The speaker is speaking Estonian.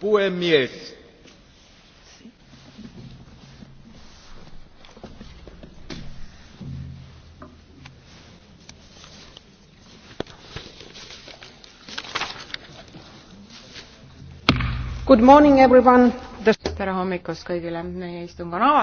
puhemies tere hommikust kõigile meie istung on avatud.